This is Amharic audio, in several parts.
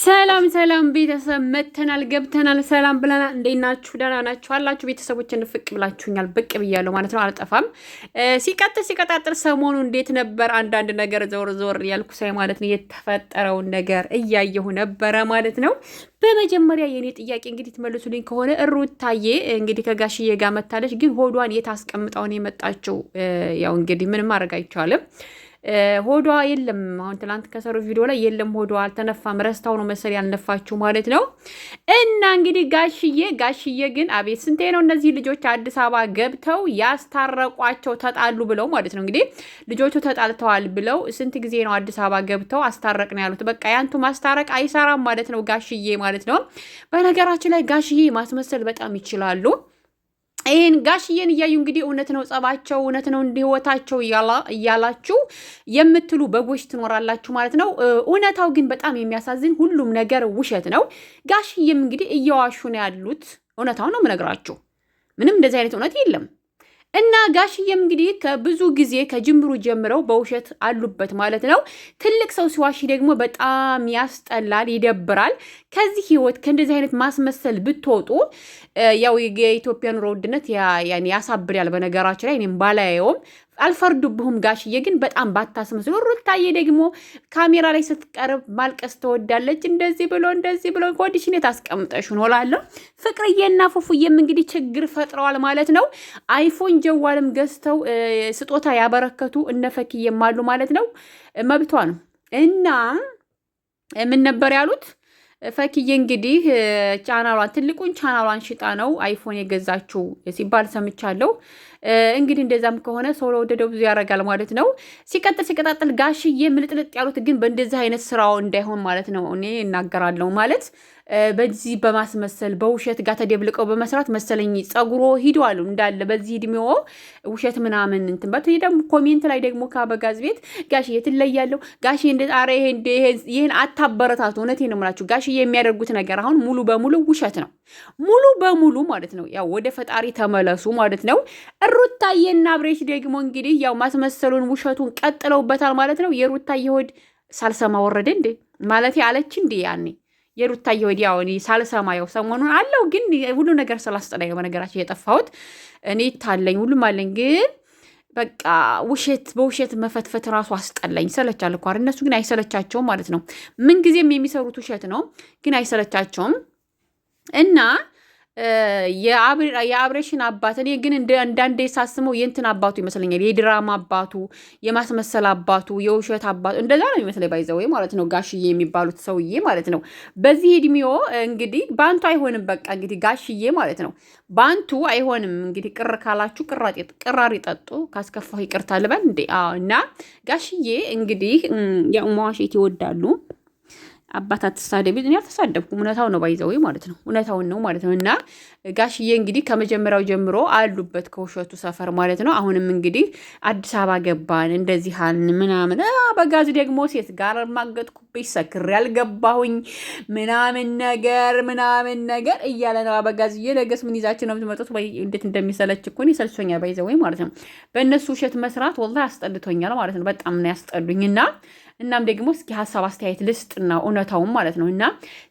ሰላም ሰላም ቤተሰብ መተናል ገብተናል ሰላም ብለናል። እንዴት ናችሁ? ደህና ናችሁ አላችሁ? ቤተሰቦችን ፍቅ ብላችሁኛል፣ ብቅ ብያለሁ ማለት ነው። አልጠፋም። ሲቀጥል ሲቀጣጥል ሰሞኑ እንዴት ነበር? አንዳንድ ነገር ዞር ዞር ያልኩ ሳይ ማለት ነው የተፈጠረውን ነገር እያየሁ ነበረ ማለት ነው። በመጀመሪያ የእኔ ጥያቄ እንግዲህ ትመልሱልኝ ከሆነ እሩታዬ እንግዲህ ከጋሽዬ ጋር መታለች፣ ግን ሆዷን የት አስቀምጣውን የመጣችው? ያው እንግዲህ ምንም ማድረግ አይቻልም። ሆዷ የለም። አሁን ትናንት ከሰሩ ቪዲዮ ላይ የለም ሆዷ አልተነፋም። ረስታው ነው መሰል ያልነፋችሁ ማለት ነው። እና እንግዲህ ጋሽዬ ጋሽዬ ግን አቤት ስንቴ ነው እነዚህ ልጆች አዲስ አበባ ገብተው ያስታረቋቸው ተጣሉ ብለው ማለት ነው። እንግዲህ ልጆቹ ተጣልተዋል ብለው ስንት ጊዜ ነው አዲስ አበባ ገብተው አስታረቅ ነው ያሉት። በቃ ያንቱ ማስታረቅ አይሰራም ማለት ነው ጋሽዬ ማለት ነው። በነገራችን ላይ ጋሽዬ ማስመሰል በጣም ይችላሉ። ይህን ጋሽዬን እያዩ እንግዲህ እውነት ነው ጸባቸው፣ እውነት ነው እንዲህ ህይወታቸው እያላችሁ የምትሉ በጎች ትኖራላችሁ ማለት ነው። እውነታው ግን በጣም የሚያሳዝን ሁሉም ነገር ውሸት ነው። ጋሽዬም እንግዲህ እየዋሹ ነው ያሉት። እውነታው ነው የምነግራችሁ። ምንም እንደዚህ አይነት እውነት የለም። እና ጋሽዬም እንግዲህ ከብዙ ጊዜ ከጅምሩ ጀምረው በውሸት አሉበት ማለት ነው። ትልቅ ሰው ሲዋሽ ደግሞ በጣም ያስጠላል፣ ይደብራል። ከዚህ ህይወት ከእንደዚህ አይነት ማስመሰል ብትወጡ ያው የኢትዮጵያ ኑሮ ውድነት ያሳብዳል። በነገራችን ላይ እኔም ባላየውም አልፈርዱብሁም ጋሽዬ፣ ግን በጣም ባታስመስሉ። ሩታዬ ደግሞ ካሜራ ላይ ስትቀርብ ማልቀስ ትወዳለች። እንደዚህ ብሎ እንደዚህ ብሎ ኮንዲሽን የታስቀምጠሽ ኖላለሁ። ፍቅርዬና ፉፉዬም እንግዲህ ችግር ፈጥረዋል ማለት ነው። አይፎን ጀዋልም ገዝተው ስጦታ ያበረከቱ እነፈክዬም አሉ ማለት ነው። መብቷ ነው እና ምን ነበር ያሉት? ፈክዬ እንግዲህ ቻናሏን ትልቁን ቻናሏን ሽጣ ነው አይፎን የገዛችው ሲባል ሰምቻለሁ። እንግዲህ እንደዛም ከሆነ ሰው ለወደደው ብዙ ያደርጋል ማለት ነው። ሲቀጥል ሲቀጣጥል ጋሽዬ ምልጥልጥ ያሉት ግን በእንደዚህ አይነት ስራው እንዳይሆን ማለት ነው እኔ እናገራለሁ ማለት በዚህ በማስመሰል በውሸት ጋር ተደብልቀው በመስራት መሰለኝ ጸጉሮ ሂዶ እንዳለ በዚህ እድሜዎ ውሸት ምናምን እንትን በት ደግሞ ኮሜንት ላይ ደግሞ ከአበጋዝ ቤት ጋሽ የትለያለው ጋሽ እንደጣረ ይህን አታበረታቱ። እውነቴን ነው የምላችሁ ጋሽ የሚያደርጉት ነገር አሁን ሙሉ በሙሉ ውሸት ነው። ሙሉ በሙሉ ማለት ነው። ያው ወደ ፈጣሪ ተመለሱ ማለት ነው። እሩታዬና አብሬሽ ደግሞ እንግዲህ ያው ማስመሰሉን ውሸቱን ቀጥለውበታል ማለት ነው። የሩታዬ ሆድ ሳልሰማ ወረደ እንዴ ማለት አለች እንዴ ያኔ የሩታዬ ወዲያውን ሳልሰማ ያው ሰሞኑን አለው ግን ሁሉ ነገር ስላስጠላ በነገራችን የጠፋሁት እኔ ታለኝ ሁሉም አለኝ ግን በቃ ውሸት በውሸት መፈትፈት ራሱ አስጠላኝ። ሰለቻል እኮ እነሱ ግን አይሰለቻቸውም ማለት ነው። ምንጊዜም የሚሰሩት ውሸት ነው፣ ግን አይሰለቻቸውም እና የአብሬሽን አባት እኔ ግን እንዳንዴ ሳስመው የእንትን አባቱ ይመስለኛል። የድራማ አባቱ፣ የማስመሰል አባቱ፣ የውሸት አባቱ እንደዛ ነው ባይዘ ወይ ማለት ነው ጋሽዬ የሚባሉት ሰውዬ ማለት ነው። በዚህ እድሜዎ እንግዲህ በአንቱ አይሆንም። በቃ እንግዲህ ጋሽዬ ማለት ነው በአንቱ አይሆንም። እንግዲህ ቅር ካላችሁ ቅራሪ ጠጡ። ካስከፋሁ ይቅርታ ልበል እንዴ እና ጋሽዬ እንግዲህ ያው መዋሸት ይወዳሉ። አባት አትሳደቢ። እኔ አልተሳደብኩም። እውነታው ነው ባይዘወይ ማለት ነው። እውነታውን ነው ማለት ነው። እና ጋሽዬ እንግዲህ ከመጀመሪያው ጀምሮ አሉበት ከውሸቱ ሰፈር ማለት ነው። አሁንም እንግዲህ አዲስ አበባ ገባን እንደዚህ አልን ምናምን። በጋዝ ደግሞ ሴት ጋር ማገጥኩብኝ ሰክሬ ያልገባሁኝ ምናምን ነገር ምናምን ነገር እያለ ነው አበጋዝዬ። ነገስ ምን ይዛችን ነው የምትመጡት? እንዴት እንደሚሰለች እኮ እኔ ሰልችቶኛል ባይዘወይ ማለት ነው። በእነሱ ውሸት መስራት ወላሂ አስጠልቶኛል ማለት ነው። በጣም ነው ያስጠሉኝ እና እናም ደግሞ እስኪ ሀሳብ አስተያየት ልስጥና እውነታውም ማለት ነው። እና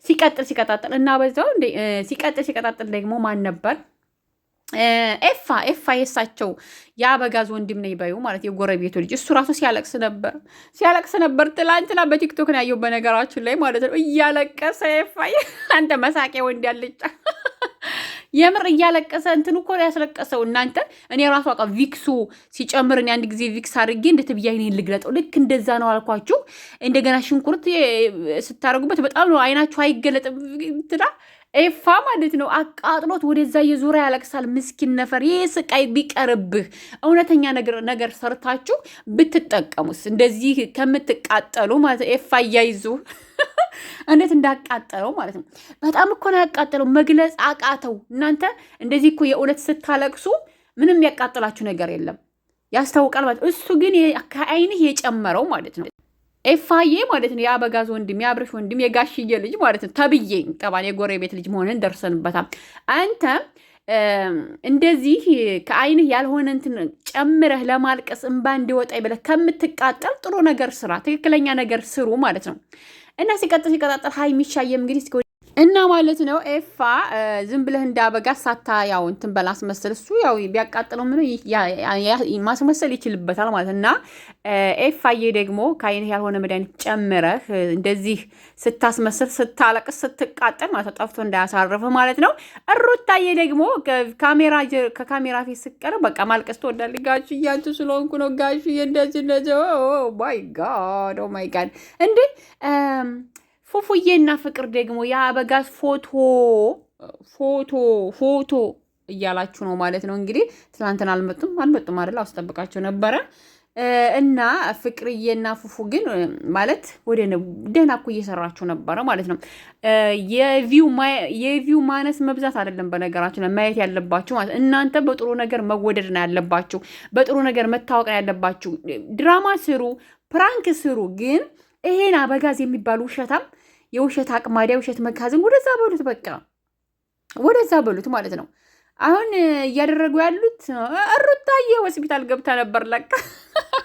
ሲቀጥል ሲቀጣጥል እና በዛው ሲቀጥል ሲቀጣጥል ደግሞ ማን ነበር ኤፋ ኤፋ የሳቸው የአበጋዝ ወንድም ነው በዩ ማለት የጎረቤቱ ልጅ እሱ ራሱ ሲያለቅስ ነበር ሲያለቅስ ነበር። ትላንትና በቲክቶክ ነው ያየው በነገራችን ላይ ማለት ነው እያለቀሰ ኤፋ አንተ መሳቂያ ወንድ ያልጫ የምር እያለቀሰ እንትን እኮ ያስለቀሰው እናንተ። እኔ ራሱ አውቃ ቪክሱ ሲጨምር እኔ አንድ ጊዜ ቪክስ አድርጌ እንደተብያ ይሄን ልግለጠው ልክ እንደዛ ነው አልኳችሁ። እንደገና ሽንኩርት ስታደርጉበት በጣም ነው አይናችሁ አይገለጥም። ትዳ ኤፋ ማለት ነው አቃጥሎት ወደዛ የዞረ ያለቅሳል። ምስኪን ነፈር ይህ ስቃይ ቢቀርብህ እውነተኛ ነገር ሰርታችሁ ብትጠቀሙስ እንደዚህ ከምትቃጠሉ ማለት ኤፋ እያይዙ እንዴት እንዳቃጠለው ማለት ነው። በጣም እኮ ነው ያቃጠለው፣ መግለጽ አቃተው። እናንተ እንደዚህ እኮ የእውነት ስታለቅሱ ምንም ያቃጥላችሁ ነገር የለም፣ ያስታውቃል ማለት እሱ ግን ከአይንህ የጨመረው ማለት ነው። ኤፋዬ ማለት ነው የአበጋዝ ወንድም የአብረሽ ወንድም የጋሽዬ ልጅ ማለት ነው ተብዬ ጠባን የጎረቤት ልጅ መሆንን ደርሰንበታል። አንተ እንደዚህ ከአይንህ ያልሆነ እንትን ጨምረህ ለማልቀስ እንባ እንዲወጣ ብለህ ከምትቃጠል ጥሩ ነገር ስራ፣ ትክክለኛ ነገር ስሩ ማለት ነው። እና ሲቀጥል ሲቀጣጠል ሀይ ሚሻየም እንግዲህ እና ማለት ነው ኤፋ ዝም ብለህ እንዳበጋ ሳታ ያው እንትን በላስ መሰል እሱ ያው ቢያቃጥለው ምን ማስመሰል ይችልበታል ማለት እና ኤፋዬ ደግሞ ከአይነት ያልሆነ መድኃኒት ጨምረህ እንደዚህ ስታስመስል ስታለቅስ ስትቃጠል ማለት ጠፍቶ እንዳያሳርፍ ማለት ነው። እሩታዬ ደግሞ ከካሜራ ፊት ስቀር በቃ ማልቀስ ትወዳለች። ጋሽ እያንቱ ስለሆንኩ ነው ጋሽ እንደዚህ እንደዚህ ማይ ጋድ ማይ ጋድ እንዴ ፉፉዬና ፍቅር ደግሞ የአበጋዝ ፎቶ ፎቶ ፎቶ እያላችሁ ነው ማለት ነው። እንግዲህ ትናንትና አልመጡም አልመጡም አይደል? አስጠብቃቸው ነበረ እና ፍቅርዬና ፉፉ ግን ማለት ወደ ደህና እኮ እየሰራችሁ ነበረ ማለት ነው። የቪው ማነስ መብዛት አይደለም በነገራችሁ ማየት ያለባችሁ ማለት እናንተ በጥሩ ነገር መወደድ ነው ያለባችሁ። በጥሩ ነገር መታወቅ ነው ያለባችሁ። ድራማ ስሩ፣ ፕራንክ ስሩ። ግን ይሄን አበጋዝ የሚባል ውሸታም የውሸት አቅማዳ የውሸት መጋዘን ወደዛ በሉት፣ በቃ ወደዛ በሉት ማለት ነው። አሁን እያደረጉ ያሉት እሩታዬ ሆስፒታል ገብታ ነበር። ለቃ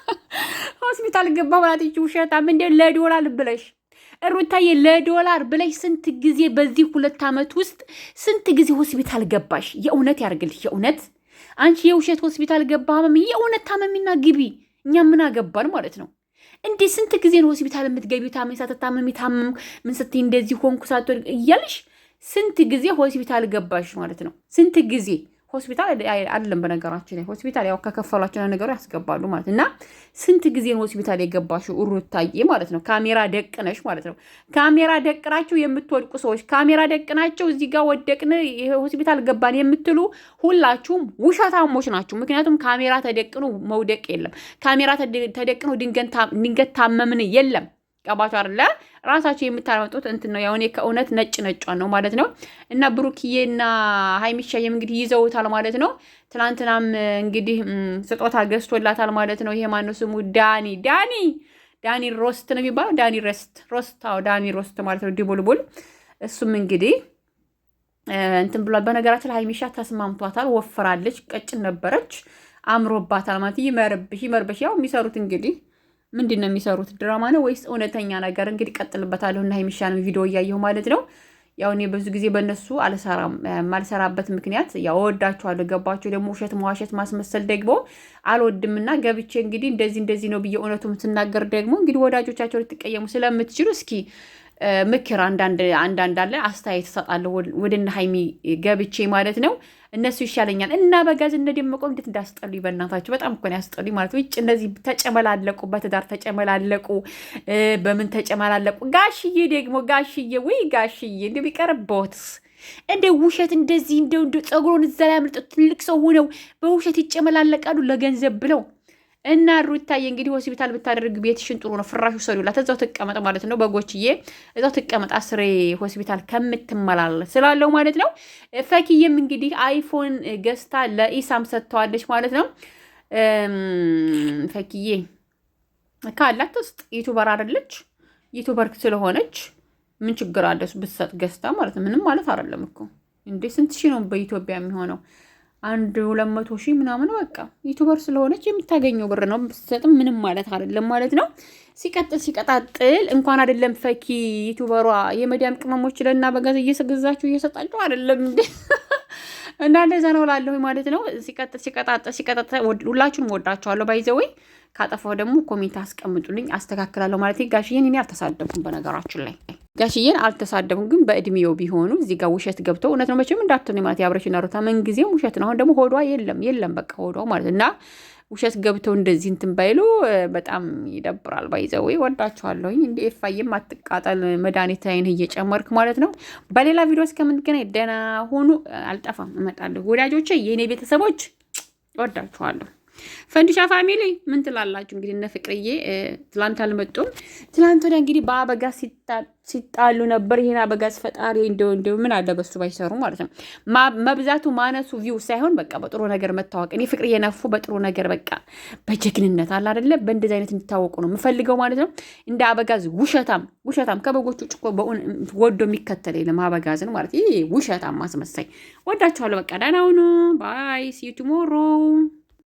ሆስፒታል ገባ ባላትች ውሸታም እንደ ለዶላር ብለሽ እሩታዬ ለዶላር ብለሽ ስንት ጊዜ በዚህ ሁለት ዓመት ውስጥ ስንት ጊዜ ሆስፒታል ገባሽ? የእውነት ያርግልሽ። የእውነት አንቺ የውሸት ሆስፒታል ገባ ህመም የእውነት ታመሚና ግቢ እኛ ምን አገባን ማለት ነው። እንዴ ስንት ጊዜ ነው ሆስፒታል የምትገቢው ታመኝ ሳትታመሚ ታመም ምን ስትይ እንደዚህ ሆንኩ ሳትወድቅ እያልሽ ስንት ጊዜ ሆስፒታል ገባሽ ማለት ነው ስንት ጊዜ ሆስፒታል አይደለም። በነገራችን ላይ ሆስፒታል ያው ከከፈሏቸው ነገሩ ያስገባሉ ማለት እና ስንት ጊዜን ሆስፒታል የገባሽው እሩታዬ ማለት ነው። ካሜራ ደቅነሽ ማለት ነው። ካሜራ ደቅናችሁ የምትወድቁ ሰዎች፣ ካሜራ ደቅናቸው እዚህ ጋር ወደቅን ሆስፒታል ገባን የምትሉ ሁላችሁም ውሸታሞች ናችሁ። ምክንያቱም ካሜራ ተደቅኖ መውደቅ የለም። ካሜራ ተደቅኖ ድንገት ታመምን የለም። ቀባቸው አለ ራሳቸው የምታመጡት እንትን ነው። ያሁኔ ከእውነት ነጭ ነጯን ነው ማለት ነው። እና ብሩክዬና ሀይሚሻዬም እንግዲህ ይዘውታል ማለት ነው። ትናንትናም እንግዲህ ስጦታ ገዝቶላታል ማለት ነው። ይሄ ማነው ስሙ? ዳኒ ዳኒ ዳኒ ሮስት ነው የሚባለው። ዳኒ ረስት ሮስት፣ አዎ ዳኒ ሮስት ማለት ነው። ዲቡልቡል እሱም እንግዲህ እንትን ብሏል። በነገራችን ሀይሚሻ ተስማምቷታል። ወፍራለች፣ ቀጭን ነበረች፣ አምሮባታል ማለት ይመርብሽ፣ ይመርብሽ። ያው የሚሰሩት እንግዲህ ምንድን ነው የሚሰሩት? ድራማ ነው ወይስ እውነተኛ ነገር? እንግዲህ ቀጥልበታለሁ እና የሚሻለው ቪዲዮ እያየሁ ማለት ነው። ያው እኔ ብዙ ጊዜ በእነሱ አልሰራም። የማልሰራበት ምክንያት ያው እወዳቸዋለሁ። ገባቸው ደግሞ ውሸት መዋሸት ማስመሰል ደግሞ አልወድምና ገብቼ እንግዲህ እንደዚህ እንደዚህ ነው ብዬ እውነቱም ስናገር ደግሞ እንግዲህ ወዳጆቻቸው ልትቀየሙ ስለምትችሉ እስኪ ምክር አንዳንድ አለ አስተያየት እሰጣለሁ ወደ ሀይሚ ገብቼ ማለት ነው። እነሱ ይሻለኛል እና በጋዝ እነ ደመቀ እንዴት እንዳስጠሉ በእናታቸው በጣም እኮ ነው ያስጠሉ ማለት ነው። እነዚህ ተጨመላለቁ፣ በትዳር ተጨመላለቁ፣ በምን ተጨመላለቁ። ጋሽዬ ደግሞ ጋሽዬ ወይ ጋሽዬ እንደ ቢቀርበትስ እንደ ውሸት እንደዚህ እንደ ፀጉሮን እዛ ላይ አምልጦ ትልቅ ሰው ሆነው በውሸት ይጨመላለቃሉ ለገንዘብ ብለው እና ሩታዬ እንግዲህ ሆስፒታል ብታደርግ ቤትሽን ጥሩ ነው፣ ፍራሽ ውሰዱላት፣ እዛው ትቀመጥ ማለት ነው። በጎችዬ እዛው ትቀመጥ፣ አስሬ ሆስፒታል ከምትመላል ስላለው ማለት ነው። ፈኪዬም እንግዲህ አይፎን ገዝታ ለኢሳም ሰጥተዋለች ማለት ነው። ፈኪዬ ካላት ውስጥ ዩቱበር አደለች፣ ዩቱበር ስለሆነች ምን ችግር አለ ብትሰጥ ገዝታ ማለት ነው። ምንም ማለት አደለም እኮ እንዴ! ስንት ሺ ነው በኢትዮጵያ የሚሆነው? አንድ ሁለት መቶ ሺህ ምናምን በቃ ዩቱበር ስለሆነች የምታገኘው ብር ነው። ስትሰጥም ምንም ማለት አይደለም ማለት ነው። ሲቀጥል ሲቀጣጥል እንኳን አይደለም ፈኪ ዩቱበሯ የመዲያም ቅመሞች ለና በጋዝ እየሰገዛችሁ እየሰጣችሁ አይደለም እንዴ? እና እንደዛ ነው ላለሁ ማለት ነው። ሲቀጥል ሲቀጣጥል ሲቀጣጥል ሁላችሁንም ወዳችኋለሁ። ባይዘወይ ካጠፋው ደግሞ ኮሜንት አስቀምጡልኝ፣ አስተካክላለሁ ማለት ጋሽዬን እኔ አልተሳደብኩም በነገራችን ላይ ጋሽዬን አልተሳደቡ፣ ግን በእድሜው ቢሆኑ እዚህ ጋር ውሸት ገብተው እውነት ነው መቼም እንዳትሆን ማለት የአብረሽና ሩታ ምንጊዜም ውሸት ነው። አሁን ደግሞ ሆዷ የለም የለም በቃ ሆዷ ማለት እና ውሸት ገብተው እንደዚህ እንትን ባይሉ በጣም ይደብራል። ባይዘው ወዳችኋለሁኝ። እንደ ኤፋዬም አትቃጠል መድኃኒት አይን እየጨመርክ ማለት ነው። በሌላ ቪዲዮ እስከምንገናኝ ደህና ሆኑ። አልጠፋም፣ እመጣለሁ። ወዳጆቼ፣ የእኔ ቤተሰቦች ወዳችኋለሁ። ፈንዱሻ ፋሚሊ ምን ትላላችሁ? እንግዲህ እነ ፍቅርዬ ትላንት አልመጡም። ትላንት ወዲያ እንግዲህ በአበጋ ሲጣሉ ነበር። ይሄን አበጋ ፈጣሪ እንደው እንደው ምን አለ በሱ ባይሰሩ ማለት ነው። መብዛቱ ማነሱ ቪው ሳይሆን በቃ በጥሩ ነገር መታወቅ። እኔ ፍቅርዬ ነፉ በጥሩ ነገር በቃ በጀግንነት አለ አደለ፣ በእንደዚህ አይነት እንዲታወቁ ነው የምፈልገው ማለት ነው። እንደ አበጋዝ ውሸታም ውሸታም ከበጎቹ ጭቆ ወዶ የሚከተል የለም አበጋዝን ማለት ይሄ ውሸታም አስመሳይ። ወዳችኋለሁ። በቃ ደህና ሁኑ። ባይ ሲ ቱሞሮ